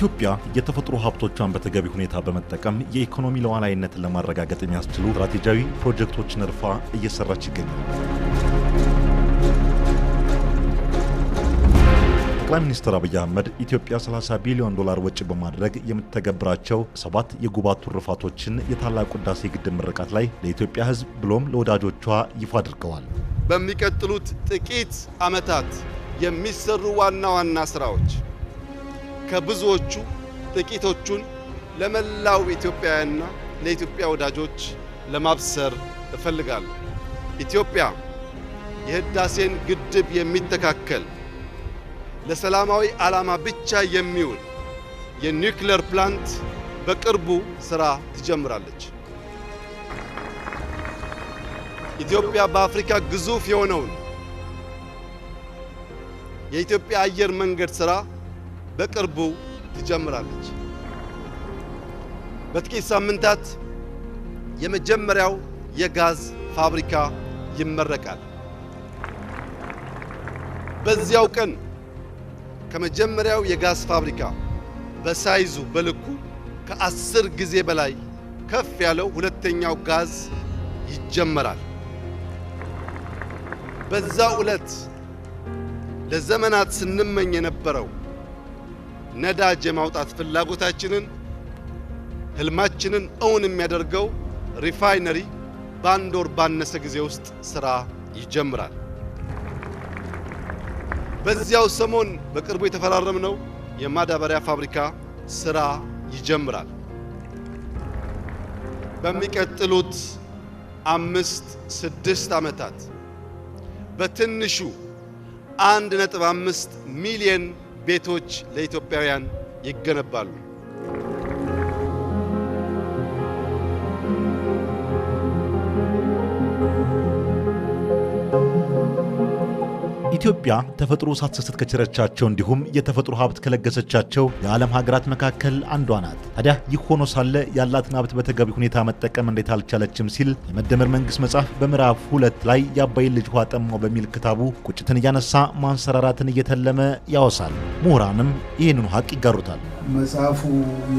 ኢትዮጵያ የተፈጥሮ ሀብቶቿን በተገቢ ሁኔታ በመጠቀም የኢኮኖሚ ለዋላይነትን ለማረጋገጥ የሚያስችሉ ስትራቴጂያዊ ፕሮጀክቶችን እርፋ እየሰራች ይገኛል። ጠቅላይ ሚኒስትር አብይ አህመድ ኢትዮጵያ 30 ቢሊዮን ዶላር ወጪ በማድረግ የምትተገብራቸው ሰባት የጉባ ትሩፋቶችን የታላቁ ህዳሴ ግድብ ምርቃት ላይ ለኢትዮጵያ ሕዝብ ብሎም ለወዳጆቿ ይፋ አድርገዋል። በሚቀጥሉት ጥቂት ዓመታት የሚሰሩ ዋና ዋና ስራዎች ከብዙዎቹ ጥቂቶቹን ለመላው ኢትዮጵያውያንና ለኢትዮጵያ ወዳጆች ለማብሰር እፈልጋለሁ። ኢትዮጵያ የህዳሴን ግድብ የሚተካከል ለሰላማዊ ዓላማ ብቻ የሚውል የኒውክሌር ፕላንት በቅርቡ ስራ ትጀምራለች። ኢትዮጵያ በአፍሪካ ግዙፍ የሆነውን የኢትዮጵያ አየር መንገድ ስራ በቅርቡ ትጀምራለች። በጥቂት ሳምንታት የመጀመሪያው የጋዝ ፋብሪካ ይመረቃል። በዚያው ቀን ከመጀመሪያው የጋዝ ፋብሪካ በሳይዙ በልኩ ከአስር ጊዜ በላይ ከፍ ያለው ሁለተኛው ጋዝ ይጀመራል። በዛው ዕለት ለዘመናት ስንመኝ የነበረው ነዳጅ የማውጣት ፍላጎታችንን ህልማችንን እውን የሚያደርገው ሪፋይነሪ በአንድ ወር ባነሰ ጊዜ ውስጥ ስራ ይጀምራል። በዚያው ሰሞን በቅርቡ የተፈራረምነው የማዳበሪያ ፋብሪካ ስራ ይጀምራል። በሚቀጥሉት አምስት ስድስት ዓመታት በትንሹ አንድ ነጥብ አምስት ሚሊየን ቤቶች ለኢትዮጵያውያን ይገነባሉ። ኢትዮጵያ ተፈጥሮ ሳትሰስት ከቸረቻቸው እንዲሁም የተፈጥሮ ሀብት ከለገሰቻቸው የዓለም ሀገራት መካከል አንዷ ናት። ታዲያ ይህ ሆኖ ሳለ ያላትን ሀብት በተገቢ ሁኔታ መጠቀም እንዴት አልቻለችም ሲል የመደመር መንግስት መጽሐፍ በምዕራፍ ሁለት ላይ የአባይን ልጅ ውሃ ጠማው በሚል ክታቡ ቁጭትን እያነሳ ማንሰራራትን እየተለመ ያወሳል። ምሁራንም ይህንኑ ሀቅ ይጋሩታል። መጽሐፉ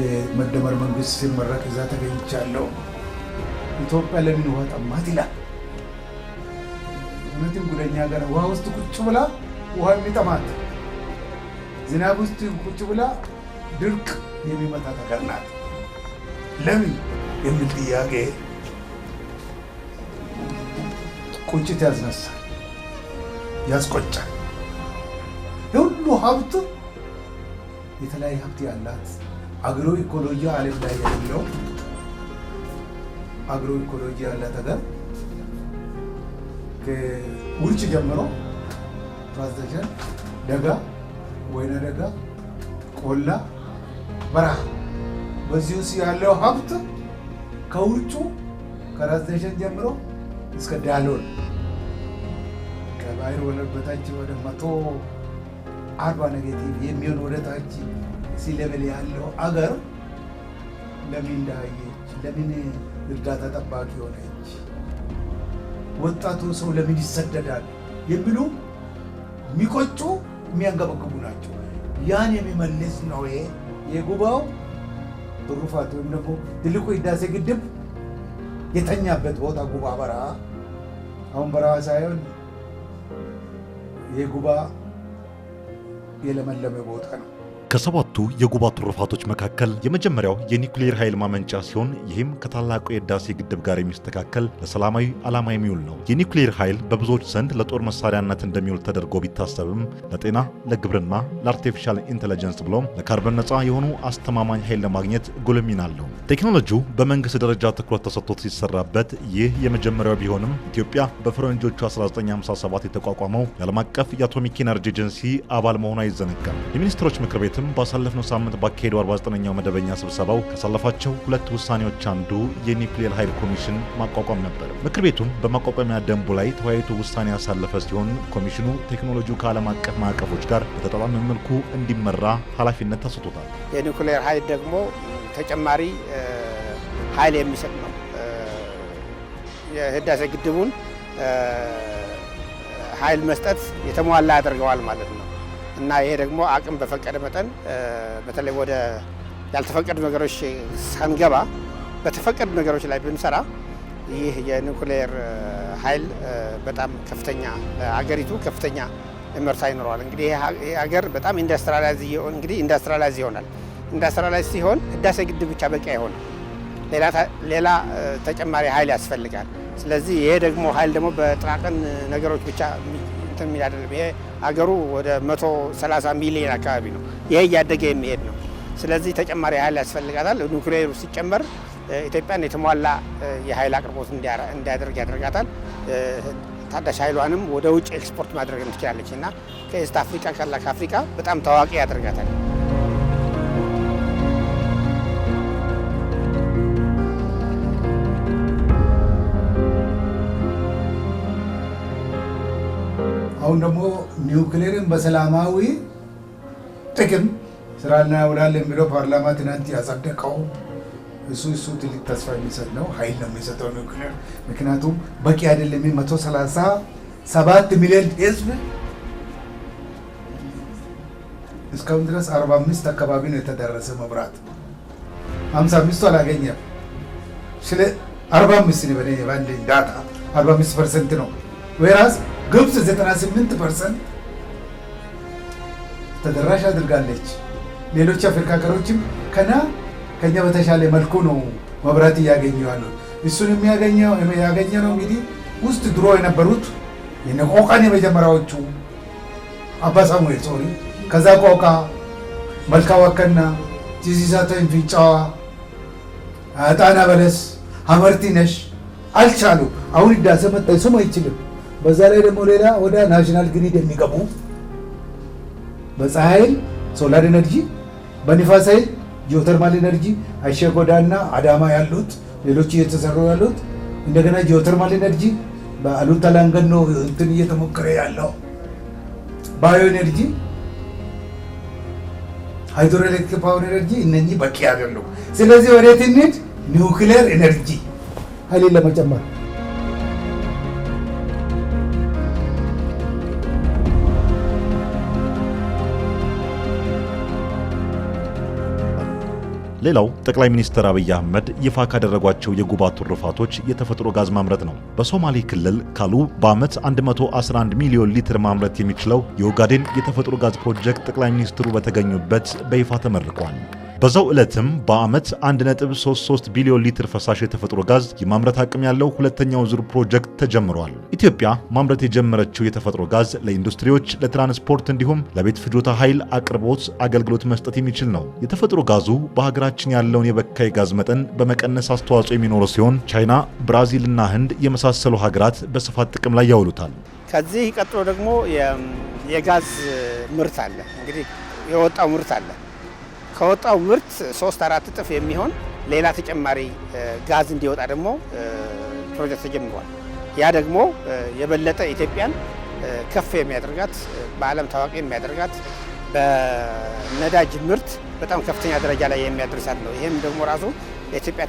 የመደመር መንግስት ሲመረቅ እዛ ተገኝቻለሁ። ኢትዮጵያ ለምን ውሃ ጠማት ይላል እውነትም ጉደኛ ጋር ውሃ ውስጥ ቁጭ ብላ ውሃ የሚጠማት ዝናብ ውስጥ ቁጭ ብላ ድርቅ የሚመጣ ነገር ናት። ለምን የሚል ጥያቄ ቁጭት ያስነሳል፣ ያስቆጫል። የሁሉ ሀብት የተለያየ ሀብት ያላት አግሮ ኢኮሎጂ አለም ላይ ያለው አግሮ ኢኮሎጂ ያላት ሀገር ውርጭ ጀምሮ ትራንስቴሽን ደጋ፣ ወይነ ደጋ፣ ቆላ፣ በረሃ በዚህ ውስጥ ያለው ሀብት ከውርጩ ከትራንስቴሽን ጀምሮ እስከ ዳሎል ከባህር ወለል በታች ወደ መቶ አርባ ነገቲቭ የሚሆን ወደ ታች ሲለበል ያለው አገር ለምን ዳየች? ለምን እርዳታ ጠባቂ ሆነ? ወጣቱ ሰው ለምን ይሰደዳል የሚሉ የሚቆጩ የሚያንገበግቡ ናቸው። ያን የሚመልስ ነው ይሄ የጉባኤው ትሩፋት ወይም ደግሞ ትልቁ ህዳሴ ግድብ የተኛበት ቦታ ጉባ በረሃ፣ አሁን በረሃ ሳይሆን የጉባ የለመለመ ቦታ ነው። ከሰባ ከሁለቱ የጉባ ትሩፋቶች መካከል የመጀመሪያው የኒውክሌር ኃይል ማመንጫ ሲሆን ይህም ከታላቁ የህዳሴ ግድብ ጋር የሚስተካከል ለሰላማዊ ዓላማ የሚውል ነው። የኒውክሌር ኃይል በብዙዎች ዘንድ ለጦር መሳሪያነት እንደሚውል ተደርጎ ቢታሰብም ለጤና፣ ለግብርና፣ ለአርቲፊሻል ኢንቴለጀንስ ብሎም ለካርበን ነፃ የሆኑ አስተማማኝ ኃይል ለማግኘት ጉልህ ሚና አለው። ቴክኖሎጂው በመንግስት ደረጃ ትኩረት ተሰጥቶት ሲሰራበት ይህ የመጀመሪያው ቢሆንም ኢትዮጵያ በፈረንጆቹ 1957 የተቋቋመው የዓለም አቀፍ የአቶሚክ ኤነርጂ ኤጀንሲ አባል መሆኗ አይዘነጋም። የሚኒስትሮች ምክር ቤትም በ ባሳለፍነው ሳምንት ባካሄደው 49ኛው መደበኛ ስብሰባው ካሳለፋቸው ሁለት ውሳኔዎች አንዱ የኒውክሌር ኃይል ኮሚሽን ማቋቋም ነበር። ምክር ቤቱም በማቋቋሚያ ደንቡ ላይ ተወያይቶ ውሳኔ ያሳለፈ ሲሆን ኮሚሽኑ ቴክኖሎጂው ከዓለም አቀፍ ማዕቀፎች ጋር በተጣጣመ መልኩ እንዲመራ ኃላፊነት ተሰጥቶታል። የኒውክሌር ኃይል ደግሞ ተጨማሪ ኃይል የሚሰጥ ነው። የህዳሴ ግድቡን ኃይል መስጠት የተሟላ ያደርገዋል ማለት ነው። እና ይሄ ደግሞ አቅም በፈቀደ መጠን በተለይ ወደ ያልተፈቀዱ ነገሮች ሳንገባ በተፈቀዱ ነገሮች ላይ ብንሰራ ይህ የኒኩሌር ኃይል በጣም ከፍተኛ አገሪቱ ከፍተኛ እምርታ ይኖረዋል። እንግዲህ ይህ ሀገር በጣም ኢንዱስትሪላይዝ እንግዲህ ኢንዱስትሪላይዝ ይሆናል። ኢንዱስትሪላይዝ ሲሆን ህዳሴ ግድብ ብቻ በቂ አይሆንም። ሌላ ተጨማሪ ኃይል ያስፈልጋል። ስለዚህ ይሄ ደግሞ ኃይል ደግሞ በጥራቅን ነገሮች ብቻ እንትን የሚል አይደለም። ይሄ አገሩ ወደ 130 ሚሊዮን አካባቢ ነው። ይሄ እያደገ የሚሄድ ነው። ስለዚህ ተጨማሪ ኃይል ያስፈልጋታል። ኑክሌሩ ሲጨመር ኢትዮጵያን የተሟላ የኃይል አቅርቦት እንዲያደርግ ያደርጋታል። ታዳሽ ኃይሏንም ወደ ውጭ ኤክስፖርት ማድረግ ትችላለች እና ከኤስት አፍሪካ ካላ ከአፍሪካ በጣም ታዋቂ ያደርጋታል። አሁን ደግሞ ኒውክሌርን በሰላማዊ ጥቅም ስራ እናውላለን የሚለው ፓርላማ ትናንት ያጸደቀው እሱ እሱ ትልቅ ተስፋ የሚሰጥ ነው። ኃይል ነው የሚሰጠው ኒውክሌር። ምክንያቱም በቂ አይደለም። መቶ ሰላሳ ሰባት ሚሊዮን ህዝብ እስካሁን ድረስ አርባ አምስት አካባቢ ነው የተደረሰ መብራት ሀምሳ አምስቱ አላገኘም። ስለ አርባ አምስት በአንድ ዳታ አርባ አምስት ፐርሰንት ነው ወይራስ ግብፅ 98 ፐርሰንት ተደራሽ አድርጋለች። ሌሎች አፍሪካ ሀገሮችም ከና ከኛ በተሻለ መልኩ ነው መብራት እያገኘ ያሉ። እሱን የሚያገኘው ያገኘ ነው እንግዲህ ውስጥ ድሮ የነበሩት የነቆቃን የመጀመሪያዎቹ አባ ሳሙኤል ሶሪ፣ ከዛ ቆቃ፣ መልካ ወከና ቲዚዛ ፊንጫዋ፣ ጣና በለስ፣ ሀመርቲነሽ አልቻሉ። አሁን ዳሰ መጣ አይችልም በዛ ላይ ደግሞ ሌላ ወደ ናሽናል ግሪድ የሚገቡ በፀሐይ ሶላር ኤነርጂ፣ በንፋስ ኃይል ጂኦተርማል ኤነርጂ አሸጎዳና አዳማ ያሉት ሌሎች እየተሰሩ ያሉት እንደገና ጂኦተርማል ኤነርጂ በአሉታ ላንገኖ እንትን እየተሞከረ ያለው ባዮ ኤነርጂ፣ ሃይድሮኤሌክትሪክ ፓወር ኤነርጂ እነኚህ በቂ አይደሉም። ስለዚህ ወዴት እንሂድ? ኒውክሌር ኤነርጂ ኃይልን ለመጨመር ሌላው ጠቅላይ ሚኒስትር አብይ አህመድ ይፋ ካደረጓቸው የጉባ ትሩፋቶች የተፈጥሮ ጋዝ ማምረት ነው። በሶማሌ ክልል ካሉ በዓመት 111 ሚሊዮን ሊትር ማምረት የሚችለው የኦጋዴን የተፈጥሮ ጋዝ ፕሮጀክት ጠቅላይ ሚኒስትሩ በተገኙበት በይፋ ተመርቋል። በዛው ዕለትም በዓመት 1.33 ቢሊዮን ሊትር ፈሳሽ የተፈጥሮ ጋዝ የማምረት አቅም ያለው ሁለተኛው ዙር ፕሮጀክት ተጀምሯል። ኢትዮጵያ ማምረት የጀመረችው የተፈጥሮ ጋዝ ለኢንዱስትሪዎች፣ ለትራንስፖርት እንዲሁም ለቤት ፍጆታ ኃይል አቅርቦት አገልግሎት መስጠት የሚችል ነው። የተፈጥሮ ጋዙ በሀገራችን ያለውን የበካይ ጋዝ መጠን በመቀነስ አስተዋጽኦ የሚኖረው ሲሆን ቻይና፣ ብራዚል እና ህንድ የመሳሰሉ ሀገራት በስፋት ጥቅም ላይ ያውሉታል። ከዚህ ቀጥሎ ደግሞ የጋዝ ምርት አለ። እንግዲህ የወጣው ምርት አለ ከወጣው ምርት ሶስት አራት እጥፍ የሚሆን ሌላ ተጨማሪ ጋዝ እንዲወጣ ደግሞ ፕሮጀክት ተጀምሯል። ያ ደግሞ የበለጠ ኢትዮጵያን ከፍ የሚያደርጋት በዓለም ታዋቂ የሚያደርጋት በነዳጅ ምርት በጣም ከፍተኛ ደረጃ ላይ የሚያደርሳት ነው። ይህም ደግሞ ራሱ ለኢትዮጵያ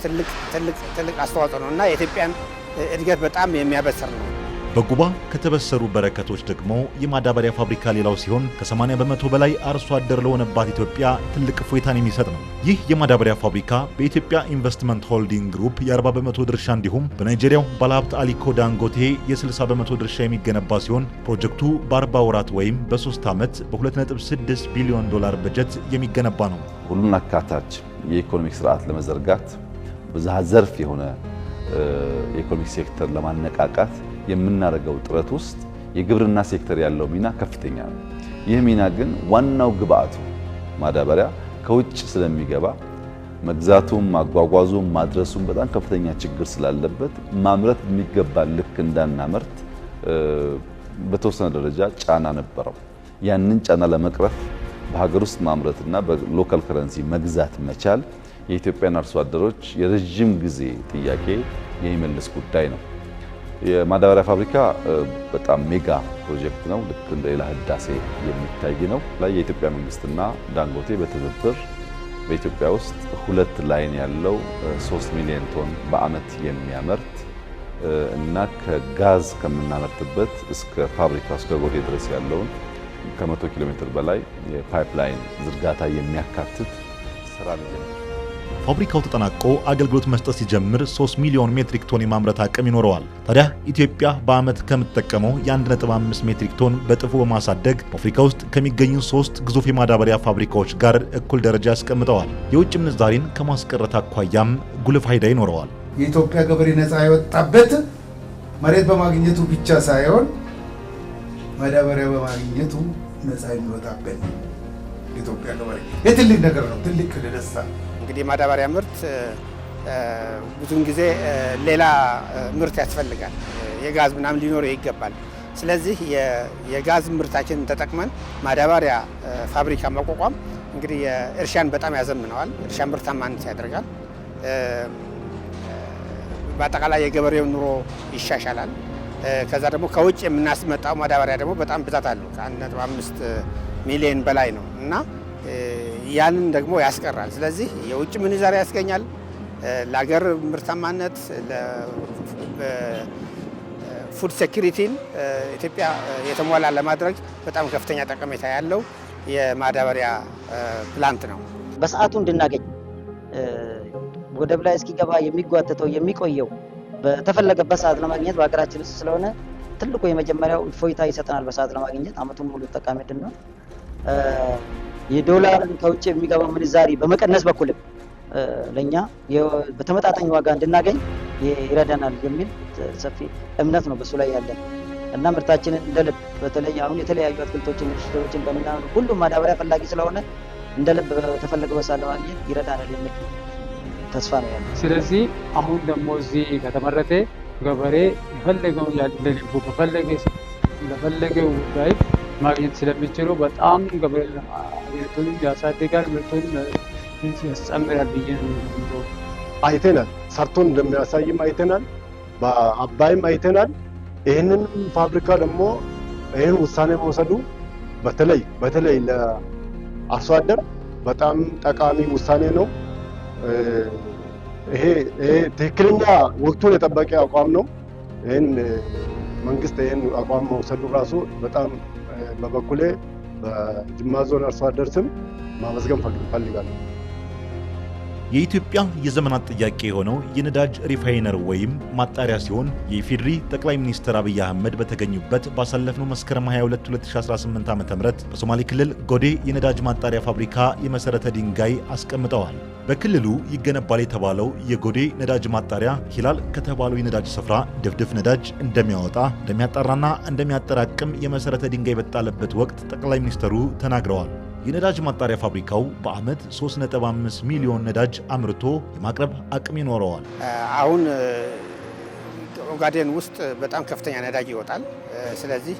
ትልቅ አስተዋጽኦ ነው እና የኢትዮጵያን እድገት በጣም የሚያበስር ነው። በጉባ ከተበሰሩ በረከቶች ደግሞ የማዳበሪያ ፋብሪካ ሌላው ሲሆን ከ80 በመቶ በላይ አርሶ አደር ለሆነባት ኢትዮጵያ ትልቅ እፎይታን የሚሰጥ ነው። ይህ የማዳበሪያ ፋብሪካ በኢትዮጵያ ኢንቨስትመንት ሆልዲንግ ግሩፕ የ40 በመቶ ድርሻ እንዲሁም በናይጄሪያው ባለሀብት አሊኮ ዳንጎቴ የ60 በመቶ ድርሻ የሚገነባ ሲሆን ፕሮጀክቱ በ40 ወራት ወይም በ3 ዓመት በ2.6 ቢሊዮን ዶላር በጀት የሚገነባ ነው። ሁሉን አካታች የኢኮኖሚክ ስርዓት ለመዘርጋት ብዝሃ ዘርፍ የሆነ የኢኮኖሚክ ሴክተር ለማነቃቃት የምናደርገው ጥረት ውስጥ የግብርና ሴክተር ያለው ሚና ከፍተኛ ነው። ይህ ሚና ግን ዋናው ግብአቱ ማዳበሪያ ከውጭ ስለሚገባ መግዛቱም ማጓጓዙም ማድረሱም በጣም ከፍተኛ ችግር ስላለበት ማምረት የሚገባ ልክ እንዳናመርት በተወሰነ ደረጃ ጫና ነበረው። ያንን ጫና ለመቅረፍ በሀገር ውስጥ ማምረትና በሎካል ከረንሲ መግዛት መቻል የኢትዮጵያን አርሶ አደሮች የረዥም ጊዜ ጥያቄ የሚመልስ ጉዳይ ነው። የማዳበሪያ ፋብሪካ በጣም ሜጋ ፕሮጀክት ነው። ልክ እንደ ሌላ ህዳሴ የሚታይ ነው ላይ የኢትዮጵያ መንግስትና ዳንጎቴ በትብብር በኢትዮጵያ ውስጥ ሁለት ላይን ያለው 3 ሚሊዮን ቶን በአመት የሚያመርት እና ከጋዝ ከምናመርትበት እስከ ፋብሪካ እስከ ጎዴ ድረስ ያለውን ከ100 ኪሎ ሜትር በላይ የፓይፕላይን ዝርጋታ የሚያካትት ስራ ነው። ፋብሪካው ተጠናቆ አገልግሎት መስጠት ሲጀምር 3 ሚሊዮን ሜትሪክ ቶን የማምረት አቅም ይኖረዋል። ታዲያ ኢትዮጵያ በዓመት ከምትጠቀመው የ1.5 ሜትሪክ ቶን በጥፉ በማሳደግ በአፍሪካ ውስጥ ከሚገኙ ሶስት ግዙፍ የማዳበሪያ ፋብሪካዎች ጋር እኩል ደረጃ ያስቀምጠዋል። የውጭ ምንዛሪን ከማስቀረት አኳያም ጉልህ ፋይዳ ይኖረዋል። የኢትዮጵያ ገበሬ ነፃ የወጣበት መሬት በማግኘቱ ብቻ ሳይሆን ማዳበሪያ በማግኘቱ ነፃ የሚወጣበት ኢትዮጵያ ገበሬ የትልቅ ነገር ነው። ትልቅ ደስታ እንግዲህ ማዳበሪያ ምርት ብዙን ጊዜ ሌላ ምርት ያስፈልጋል። የጋዝ ምናምን ሊኖረው ይገባል። ስለዚህ የጋዝ ምርታችንን ተጠቅመን ማዳበሪያ ፋብሪካ ማቋቋም እንግዲህ እርሻን በጣም ያዘምነዋል። እርሻ ምርታማነት ያደርጋል። በአጠቃላይ የገበሬው ኑሮ ይሻሻላል። ከዛ ደግሞ ከውጭ የምናስመጣው ማዳበሪያ ደግሞ በጣም ብዛት አለው ከአ 5 ሚሊዮን በላይ ነው እና ያንን ደግሞ ያስቀራል። ስለዚህ የውጭ ምንዛሪ ያስገኛል፣ ለሀገር ምርታማነት፣ ለፉድ ሴኪሪቲን ኢትዮጵያ የተሟላ ለማድረግ በጣም ከፍተኛ ጠቀሜታ ያለው የማዳበሪያ ፕላንት ነው። በሰዓቱ እንድናገኝ ወደብ ላይ እስኪገባ የሚጓተተው የሚቆየው በተፈለገበት ሰዓት ለማግኘት በሀገራችን ውስጥ ስለሆነ ትልቁ የመጀመሪያው እፎይታ ይሰጠናል። በሰዓት ለማግኘት አመቱን ሙሉ ተጠቃሚ እንድንሆን የዶላርን ከውጭ የሚገባ ምንዛሪ በመቀነስ በኩልም ለእኛ በተመጣጣኝ ዋጋ እንድናገኝ ይረዳናል የሚል ሰፊ እምነት ነው በሱ ላይ ያለን እና ምርታችንን እንደልብ በተለይ አሁን የተለያዩ አትክልቶችን ሽቶችን በምናምን ሁሉም ማዳበሪያ ፈላጊ ስለሆነ እንደ ልብ በተፈለገ በሳ ለማግኘት ይረዳናል የሚል ተስፋ ነው ያለ። ስለዚህ አሁን ደግሞ እዚህ ከተመረተ ገበሬ ያለ ልቡ በፈለገ ጉዳይ ማግኘት ስለሚችሉ በጣም ሀገሪቱን ያሳድጋል፣ ምርቱን ያስጨምራል ብዬ ነው። አይተናል፣ ሰርቶን እንደሚያሳይም አይተናል፣ በአባይም አይተናል። ይህንን ፋብሪካ ደግሞ ይህን ውሳኔ መውሰዱ በተለይ በተለይ ለአርሶ አደር በጣም ጠቃሚ ውሳኔ ነው። ይሄ ትክክለኛ ወቅቱን የጠበቀ አቋም ነው። ይህን መንግስት ይህን አቋም መውሰዱ ራሱ በጣም በበኩሌ በጅማ ዞን አርሶ አደር ስም ማመስገን ፈልጋለሁ። የኢትዮጵያ የዘመናት ጥያቄ የሆነው የነዳጅ ሪፋይነር ወይም ማጣሪያ ሲሆን የኢፌዴሪ ጠቅላይ ሚኒስትር አብይ አህመድ በተገኙበት ባሳለፍነው መስከረም 22 2018 ዓ.ም በሶማሌ ክልል ጎዴ የነዳጅ ማጣሪያ ፋብሪካ የመሰረተ ድንጋይ አስቀምጠዋል። በክልሉ ይገነባል የተባለው የጎዴ ነዳጅ ማጣሪያ ሂላል ከተባለው የነዳጅ ስፍራ ድፍድፍ ነዳጅ እንደሚያወጣ እንደሚያጣራና እንደሚያጠራቅም የመሰረተ ድንጋይ በጣለበት ወቅት ጠቅላይ ሚኒስትሩ ተናግረዋል። የነዳጅ ማጣሪያ ፋብሪካው በዓመት 3.5 ሚሊዮን ነዳጅ አምርቶ የማቅረብ አቅም ይኖረዋል። አሁን ኦጋዴን ውስጥ በጣም ከፍተኛ ነዳጅ ይወጣል። ስለዚህ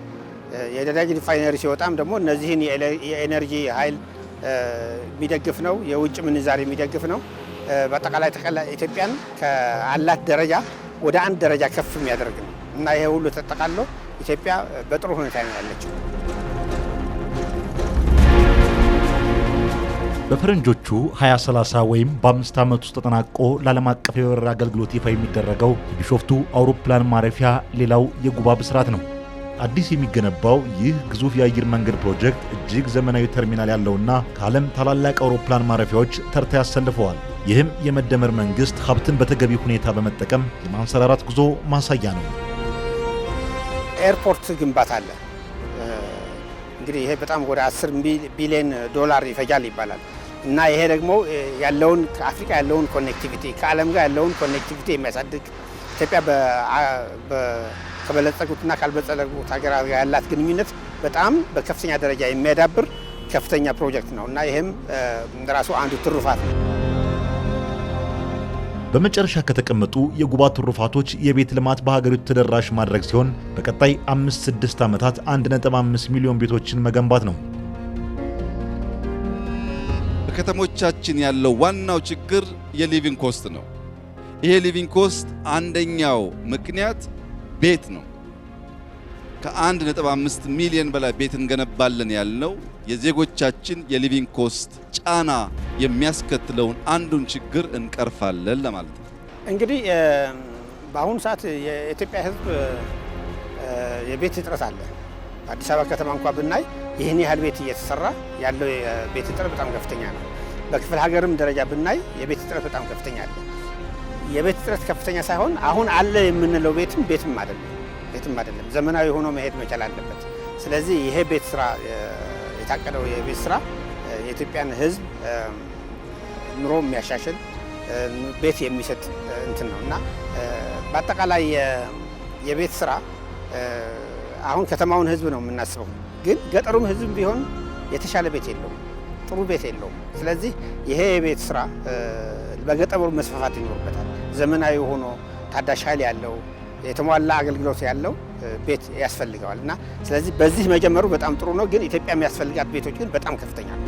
የነዳጅ ሪፋይነሪ ሲወጣም ደግሞ እነዚህን የኤነርጂ ኃይል የሚደግፍ ነው፣ የውጭ ምንዛሪ የሚደግፍ ነው። በአጠቃላይ ኢትዮጵያን ከአላት ደረጃ ወደ አንድ ደረጃ ከፍ የሚያደርግ ነው እና ይሄ ሁሉ ተጠቃሎ ኢትዮጵያ በጥሩ ሁኔታ ነው ያለችው። በፈረንጆቹ 2030 ወይም በአምስት ዓመት ውስጥ ተጠናቆ ለዓለም አቀፍ የበረራ አገልግሎት ይፋ የሚደረገው የቢሾፍቱ አውሮፕላን ማረፊያ ሌላው የጉባ ብስራት ነው። አዲስ የሚገነባው ይህ ግዙፍ የአየር መንገድ ፕሮጀክት እጅግ ዘመናዊ ተርሚናል ያለውና ከዓለም ታላላቅ አውሮፕላን ማረፊያዎች ተርታ ያሰልፈዋል። ይህም የመደመር መንግሥት ሀብትን በተገቢ ሁኔታ በመጠቀም የማንሰራራት ጉዞ ማሳያ ነው። ኤርፖርት ግንባታ አለ። እንግዲህ ይሄ በጣም ወደ 10 ቢሊዮን ዶላር ይፈጃል ይባላል እና ይሄ ደግሞ ያለውን ከአፍሪካ ያለውን ኮኔክቲቪቲ ከዓለም ጋር ያለውን ኮኔክቲቪቲ የሚያሳድግ ኢትዮጵያ ከበለጸጉትና ካልበለጸጉት ሀገራት ጋር ያላት ግንኙነት በጣም በከፍተኛ ደረጃ የሚያዳብር ከፍተኛ ፕሮጀክት ነው እና ይህም ራሱ አንዱ ትሩፋት ነው። በመጨረሻ ከተቀመጡ የጉባ ትሩፋቶች የቤት ልማት በሀገሪቱ ተደራሽ ማድረግ ሲሆን በቀጣይ 5-6 ዓመታት 1.5 ሚሊዮን ቤቶችን መገንባት ነው። በከተሞቻችን ያለው ዋናው ችግር የሊቪንግ ኮስት ነው። ይሄ ሊቪንግ ኮስት አንደኛው ምክንያት ቤት ነው። ከ1.5 ሚሊዮን በላይ ቤት እንገነባለን ያልነው የዜጎቻችን የሊቪንግ ኮስት ጫና የሚያስከትለውን አንዱን ችግር እንቀርፋለን ለማለት ነው። እንግዲህ በአሁኑ ሰዓት የኢትዮጵያ ሕዝብ የቤት እጥረት አለ። አዲስ አበባ ከተማ እንኳ ብናይ ይህን ያህል ቤት እየተሰራ ያለው የቤት እጥረት በጣም ከፍተኛ ነው። በክፍለ ሀገርም ደረጃ ብናይ የቤት እጥረት በጣም ከፍተኛ አለ። የቤት እጥረት ከፍተኛ ሳይሆን አሁን አለ የምንለው ቤትም ቤትም አይደለም ቤትም አይደለም፣ ዘመናዊ ሆኖ መሄድ መቻል አለበት። ስለዚህ ይሄ ቤት ስራ የታቀደው የቤት ስራ የኢትዮጵያን ህዝብ ኑሮ የሚያሻሽል ቤት የሚሰጥ እንትን ነው እና በአጠቃላይ የቤት ስራ አሁን ከተማውን ህዝብ ነው የምናስበው፣ ግን ገጠሩም ህዝብ ቢሆን የተሻለ ቤት የለውም፣ ጥሩ ቤት የለውም። ስለዚህ ይሄ የቤት ስራ በገጠሩ መስፋፋት ይኖርበታል። ዘመናዊ ሆኖ ታዳሽ ኃይል ያለው የተሟላ አገልግሎት ያለው ቤት ያስፈልገዋል እና ስለዚህ በዚህ መጀመሩ በጣም ጥሩ ነው። ግን ኢትዮጵያ የሚያስፈልጋት ቤቶች ግን በጣም ከፍተኛ ነው።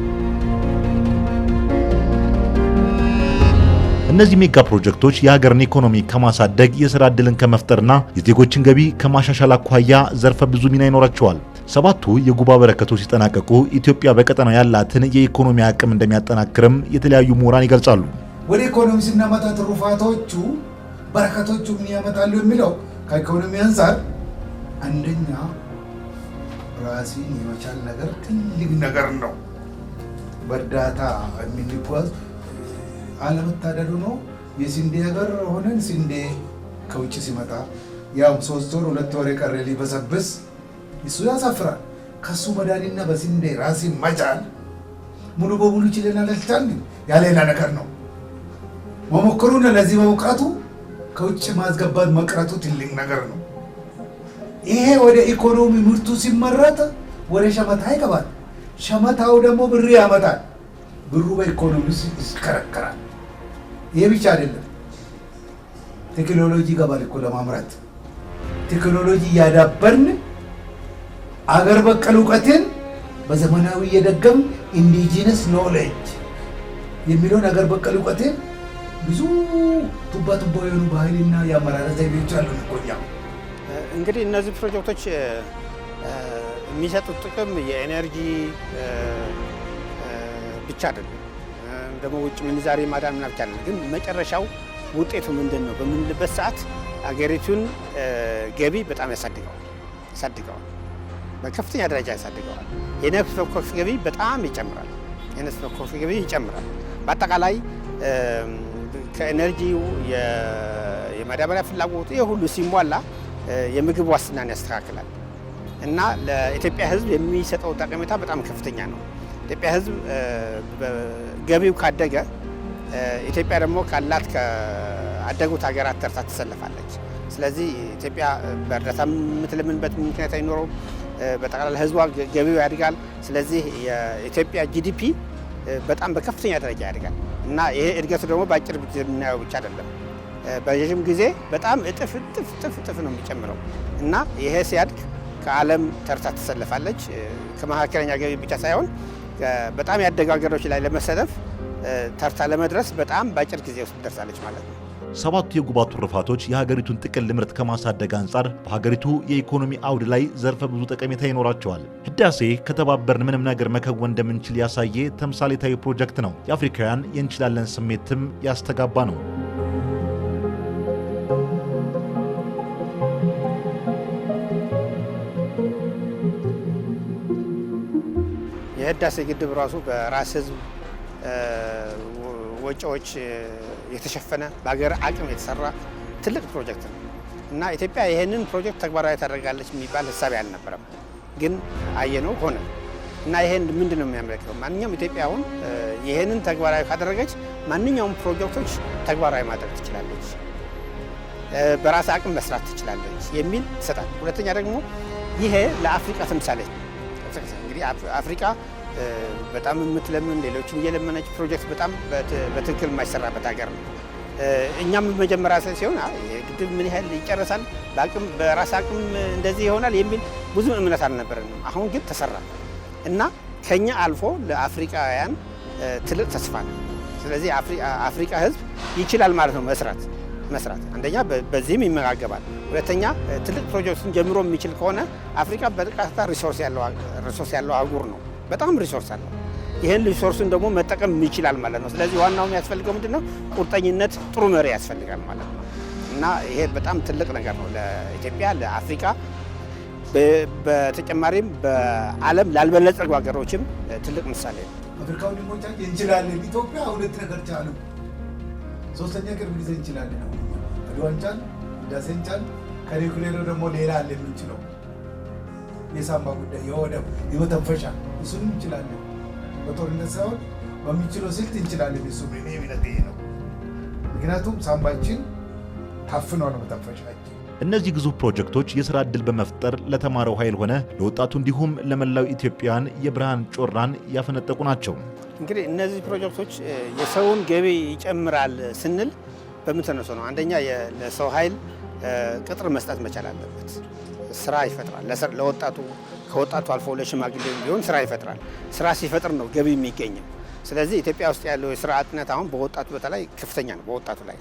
እነዚህ ሜጋ ፕሮጀክቶች የሀገርን ኢኮኖሚ ከማሳደግ የስራ ዕድልን ከመፍጠርና የዜጎችን ገቢ ከማሻሻል አኳያ ዘርፈ ብዙ ሚና ይኖራቸዋል። ሰባቱ የጉባ በረከቶች ሲጠናቀቁ ኢትዮጵያ በቀጠና ያላትን የኢኮኖሚ አቅም እንደሚያጠናክርም የተለያዩ ምሁራን ይገልጻሉ። ወደ ኢኮኖሚ ስናመጣ ትሩፋቶቹ በረከቶቹ ምን ያመጣሉ የሚለው ከኢኮኖሚ አንፃር አንደኛ ራሲን የመቻል ነገር ትልቅ ነገር ነው። በእርዳታ የምንጓዝ አለመታደሉ ነው። የስንዴ ሀገር ሆነን ስንዴ ከውጭ ሲመጣ ያው ሶስት ወር ሁለት ወር የቀረ ሊበሰብስ እሱ ያሳፍራል። ከሱ መዳኒና በስንዴ ራስን መቻል ሙሉ በሙሉ ችለናል ያለ ሌላ ነገር ነው። መሞከሩና ለዚህ መብቃቱ ከውጭ ማስገባት መቅረቱ ትልቅ ነገር ነው። ይሄ ወደ ኢኮኖሚ ምርቱ ሲመረት ወደ ሸመታ ይገባል። ሸመታው ደግሞ ብር ያመጣል። ብሩ በኢኮኖሚ ይሽከረከራል። ይሄ ብቻ አይደለም፣ ቴክኖሎጂ ይገባል እኮ ለማምረት። ቴክኖሎጂ እያዳበርን አገር በቀል እውቀትን በዘመናዊ እየደገም ኢንዲጂነስ ኖሌጅ የሚለውን አገር በቀል እውቀትን ብዙ ቱባ ቱባ የሆኑ ባህልና የአመራረት ዘይቤዎች አሉ። ቆኛ እንግዲህ እነዚህ ፕሮጀክቶች የሚሰጡት ጥቅም የኤነርጂ ብቻ አይደለም፣ ደግሞ ውጭ ምንዛሬ ማዳን ምናምን ብቻ አይደለም። ግን መጨረሻው ውጤቱ ምንድን ነው በምንልበት ሰዓት አገሪቱን ገቢ በጣም ያሳድገዋል ያሳድገዋል፣ በከፍተኛ ደረጃ ያሳድገዋል። የነፍስ ወከፍ ገቢ በጣም ይጨምራል። የነፍስ ወከፍ ገቢ ይጨምራል። በአጠቃላይ ከኤነርጂው የማዳበሪያ ፍላጎቱ የሁሉ ሁሉ ሲሟላ የምግብ ዋስትናን ያስተካክላል እና ለኢትዮጵያ ሕዝብ የሚሰጠው ጠቀሜታ በጣም ከፍተኛ ነው። ኢትዮጵያ ሕዝብ ገቢው ካደገ ኢትዮጵያ ደግሞ ካላት ከአደጉት ሀገራት ተርታ ትሰለፋለች። ስለዚህ ኢትዮጵያ በእርዳታ የምትለምንበት ምክንያት አይኖረውም። በጠቅላላ ህዝቧ ገቢው ያድጋል። ስለዚህ የኢትዮጵያ ጂዲፒ በጣም በከፍተኛ ደረጃ ያድጋል። እና ይሄ እድገት ደግሞ በአጭር ጊዜ የምናየው ብቻ አይደለም። በረዥም ጊዜ በጣም እጥፍ እጥፍ እጥፍ እጥፍ ነው የሚጨምረው እና ይሄ ሲያድግ ከዓለም ተርታ ትሰለፋለች። ከመካከለኛ ገቢ ብቻ ሳይሆን በጣም ያደጉ ሀገሮች ላይ ለመሰለፍ ተርታ ለመድረስ በጣም በአጭር ጊዜ ውስጥ ትደርሳለች ማለት ነው። ሰባቱ የጉባ ትሩፋቶች የሀገሪቱን ጥቅል ምርት ከማሳደግ አንጻር በሀገሪቱ የኢኮኖሚ አውድ ላይ ዘርፈ ብዙ ጠቀሜታ ይኖራቸዋል። ህዳሴ ከተባበርን ምንም ነገር መከወን እንደምንችል ያሳየ ተምሳሌታዊ ፕሮጀክት ነው። የአፍሪካውያን የእንችላለን ስሜትም ያስተጋባ ነው። የህዳሴ ግድብ ራሱ በራስ ህዝብ ወጪዎች የተሸፈነ በሀገር አቅም የተሰራ ትልቅ ፕሮጀክት ነው እና ኢትዮጵያ ይህንን ፕሮጀክት ተግባራዊ ታደርጋለች የሚባል ህሳቤ አልነበረም፣ ግን አየነው ሆነ እና ይሄን ምንድን ነው የሚያመለክተው? ማንኛውም ኢትዮጵያ አሁን ይህንን ተግባራዊ ካደረገች ማንኛውም ፕሮጀክቶች ተግባራዊ ማድረግ ትችላለች፣ በራስ አቅም መስራት ትችላለች የሚል ይሰጣል። ሁለተኛ ደግሞ ይሄ ለአፍሪቃ ተምሳሌ እንግዲህ አፍሪቃ በጣም የምትለምን ሌሎችም እየለመነች ፕሮጀክት በጣም በትክክል የማይሰራበት ሀገር ነው። እኛም መጀመሪያ ሲሆን ግድብ ምን ያህል ይጨረሳል፣ በአቅም በራስ አቅም እንደዚህ ይሆናል የሚል ብዙ እምነት አልነበረንም። አሁን ግን ተሰራ እና ከኛ አልፎ ለአፍሪካውያን ትልቅ ተስፋ ነው። ስለዚህ አፍሪካ ህዝብ ይችላል ማለት ነው መስራት መስራት። አንደኛ በዚህም ይመጋገባል፣ ሁለተኛ ትልቅ ፕሮጀክቱን ጀምሮ የሚችል ከሆነ አፍሪካ በጥቃታ ሪሶርስ ያለው አህጉር ነው። በጣም ሪሶርስ አለው። ይህን ሪሶርስን ደግሞ መጠቀም ይችላል ማለት ነው። ስለዚህ ዋናው የሚያስፈልገው ምንድን ነው? ቁርጠኝነት፣ ጥሩ መሪ ያስፈልጋል ማለት ነው እና ይሄ በጣም ትልቅ ነገር ነው ለኢትዮጵያ፣ ለአፍሪካ በተጨማሪም በዓለም ላልበለጸጉ ሀገሮችም ትልቅ ምሳሌ ነው። አፍሪካ ወንድሞቻችን እንችላለን። ኢትዮጵያ ሁለት ነገር ቻሉ። ሶስተኛ ቅርብ ጊዜ እንችላለን። ድዋንቻል ዳሴንቻል ከሪኩሌሮ ደግሞ ሌላ አለ የምንችለው የሳንባ ጉዳይ፣ የወደብ፣ የመተንፈሻ እንችላለን። በጦርነት ሳይሆን በሚችለው ስልት እንችላለን። እሱ ይሄ ነው። ምክንያቱም ሳንባችን ነው መተንፈሻችን። እነዚህ ግዙፍ ፕሮጀክቶች የሥራ ዕድል በመፍጠር ለተማረው ኃይል ሆነ ለወጣቱ እንዲሁም ለመላው ኢትዮጵያውያን የብርሃን ጮራን ያፈነጠቁ ናቸው። እንግዲህ እነዚህ ፕሮጀክቶች የሰውን ገቢ ይጨምራል ስንል በምን ነው? አንደኛ ለሰው ኃይል ቅጥር መስጠት መቻል አለበት። ስራ ይፈጥራል። ለወጣቱ ከወጣቱ አልፎ ለሽማግሌ ቢሆን ስራ ይፈጥራል። ስራ ሲፈጥር ነው ገቢ የሚገኘው። ስለዚህ ኢትዮጵያ ውስጥ ያለው የስራ አጥነት አሁን በወጣቱ በተለይ ከፍተኛ ነው። በወጣቱ ላይ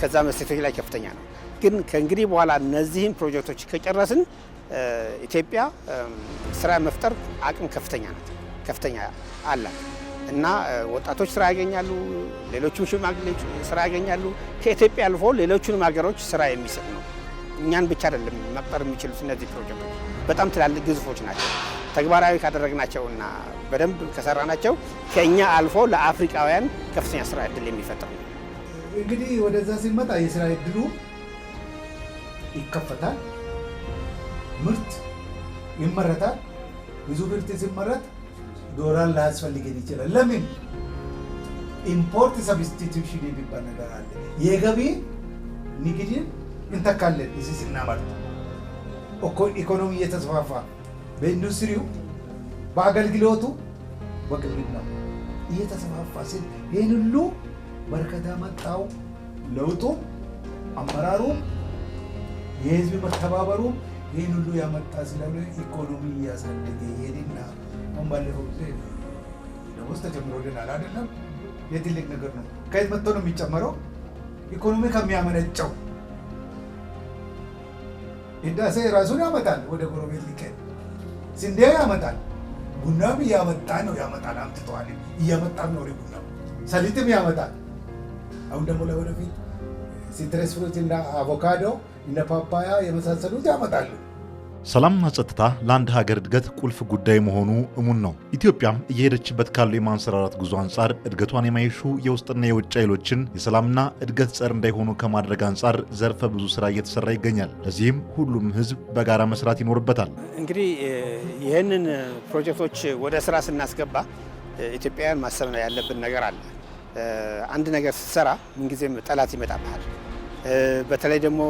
ከዛ በሴቶች ላይ ከፍተኛ ነው። ግን ከእንግዲህ በኋላ እነዚህን ፕሮጀክቶች ከጨረስን ኢትዮጵያ ስራ መፍጠር አቅም ከፍተኛ ናት፣ ከፍተኛ አላት እና ወጣቶች ስራ ያገኛሉ፣ ሌሎችም ሽማግሌዎች ስራ ያገኛሉ። ከኢትዮጵያ አልፎ ሌሎቹንም ሀገሮች ስራ የሚሰጥ ነው። እኛን ብቻ አይደለም መቅጠር የሚችሉት እነዚህ ፕሮጀክቶች በጣም ትላልቅ ግዙፎች ናቸው። ተግባራዊ እና በደንብ ከሰራናቸው ከእኛ አልፎ ለአፍሪካውያን ከፍተኛ ስራ እድል የሚፈጥር ነው። እንግዲህ ወደዛ ሲመጣ የስራ እድሉ ይከፈታል፣ ምርት ይመረታል። ብዙ ምርት ሲመረት ዶላር ላያስፈልገን ይችላል። ለምን ኢምፖርት ሰብስቲቱሽን የሚባል ነገር አለ። የገቢ ንግድን እንተካለን። እዚህ ስናመርት እኮ ኢኮኖሚ እየተስፋፋ በኢንዱስትሪው በአገልግሎቱ በግብርናው እየተስፋፋ ሲል ይህን ሁሉ በርከታ መጣው ለውጡ አመራሩ የህዝብ መተባበሩ ይህን ሁሉ ያመጣ ስላለ ኢኮኖሚ እያሳደገ ይሄድና አሁን ባለፈው ጊዜ ደሞዝ ተጨምሮልናል አይደለም? የትልቅ ነገር ነው። ከየት መጥቶ ነው የሚጨመረው? ኢኮኖሚ ከሚያመነጨው ህዳሴ ራሱን ያመጣል፣ ወደ ጎረቤት ሊኬድ ስንዴ ያመጣል፣ ቡናም እያመጣ ነው። ያመጣል አምጥተዋል፣ እያመጣም ነው ቡና፣ ሰሊጥም ያመጣል። አሁን ደግሞ ለወደፊት ሲትረስ ፍሩት እና አቮካዶ እና ፓፓያ የመሳሰሉት ያመጣሉ። ሰላምና ጸጥታ ለአንድ ሀገር እድገት ቁልፍ ጉዳይ መሆኑ እሙን ነው። ኢትዮጵያም እየሄደችበት ካለው የማንሰራራት ጉዞ አንጻር እድገቷን የማይሹ የውስጥና የውጭ ኃይሎችን የሰላምና እድገት ጸር እንዳይሆኑ ከማድረግ አንጻር ዘርፈ ብዙ ስራ እየተሰራ ይገኛል። ለዚህም ሁሉም ህዝብ በጋራ መስራት ይኖርበታል። እንግዲህ ይህንን ፕሮጀክቶች ወደ ስራ ስናስገባ ኢትዮጵያውያን ማሰብ ነው ያለብን ነገር አለ። አንድ ነገር ስትሰራ ምንጊዜም ጠላት ይመጣብሃል። በተለይ ደግሞ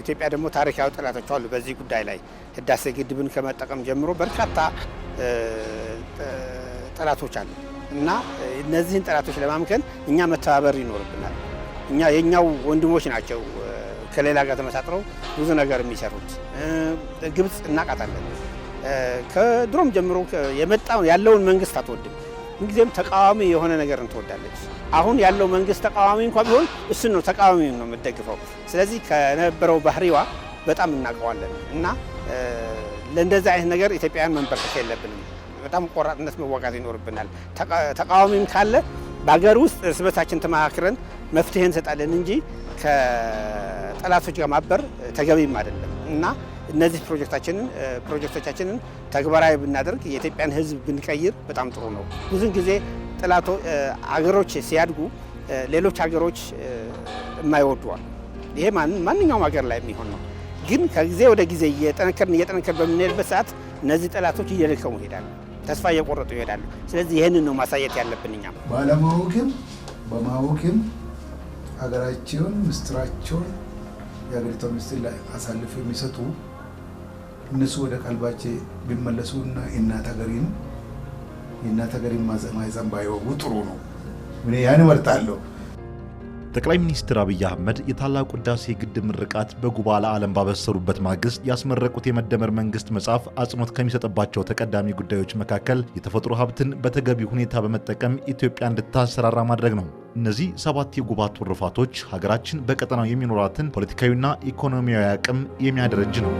ኢትዮጵያ ደግሞ ታሪካዊ ጠላቶች አሉ። በዚህ ጉዳይ ላይ ህዳሴ ግድብን ከመጠቀም ጀምሮ በርካታ ጠላቶች አሉ እና እነዚህን ጠላቶች ለማምከን እኛ መተባበር ይኖርብናል። እኛ የእኛው ወንድሞች ናቸው። ከሌላ ጋር ተመሳጥረው ብዙ ነገር የሚሰሩት ግብፅ እናቃታለን። ከድሮም ጀምሮ የመጣ ያለውን መንግስት አትወድም። ምንጊዜም ተቃዋሚ የሆነ ነገር ትወዳለች። አሁን ያለው መንግስት ተቃዋሚ እንኳ ቢሆን እሱን ነው ተቃዋሚ ነው የምደግፈው። ስለዚህ ከነበረው ባህሪዋ በጣም እናውቀዋለን እና ለእንደዚህ አይነት ነገር ኢትዮጵያውያን መንበርከክ የለብንም። በጣም ቆራጥነት መዋጋት ይኖርብናል። ተቃዋሚም ካለ በሀገር ውስጥ እርስ በርሳችን ተመካክረን መፍትሄ እንሰጣለን እንጂ ከጠላቶች ጋር ማበር ተገቢም አይደለም እና እነዚህ ፕሮጀክታችንን ፕሮጀክቶቻችንን ተግባራዊ ብናደርግ የኢትዮጵያን ሕዝብ ብንቀይር በጣም ጥሩ ነው። ብዙን ጊዜ ጥላቶ አገሮች ሲያድጉ ሌሎች ሀገሮች የማይወዱዋል። ይሄ ማንኛውም ሀገር ላይ የሚሆን ነው። ግን ከጊዜ ወደ ጊዜ እየጠነከርን እየጠነከርን በምንሄድበት ሰዓት እነዚህ ጠላቶች እየደከሙ ይሄዳሉ፣ ተስፋ እየቆረጡ ይሄዳሉ። ስለዚህ ይህንን ነው ማሳየት ያለብን። ባለማወቅም በማወቅም ሀገራቸውን ምስጢራቸውን የሀገሪቷ ምስጢር ላይ አሳልፎ የሚሰጡ እነሱ ወደ ቀልባቼ ቢመለሱና እናት ሀገሪን የእናት ሀገሪን ማህፀን ባይወጉ ጥሩ ነው። እኔ ያን እመርጣለሁ። ጠቅላይ ሚኒስትር አብይ አህመድ የታላቁ ህዳሴ ግድብ ምርቃት በጉባ ለዓለም ባበሰሩበት ማግስት ያስመረቁት የመደመር መንግስት መጽሐፍ አጽንኦት ከሚሰጥባቸው ተቀዳሚ ጉዳዮች መካከል የተፈጥሮ ሀብትን በተገቢ ሁኔታ በመጠቀም ኢትዮጵያ እንድታሰራራ ማድረግ ነው። እነዚህ ሰባት የጉባ ትሩፋቶች ሀገራችን በቀጠናው የሚኖራትን ፖለቲካዊና ኢኮኖሚያዊ አቅም የሚያደረጅ ነው።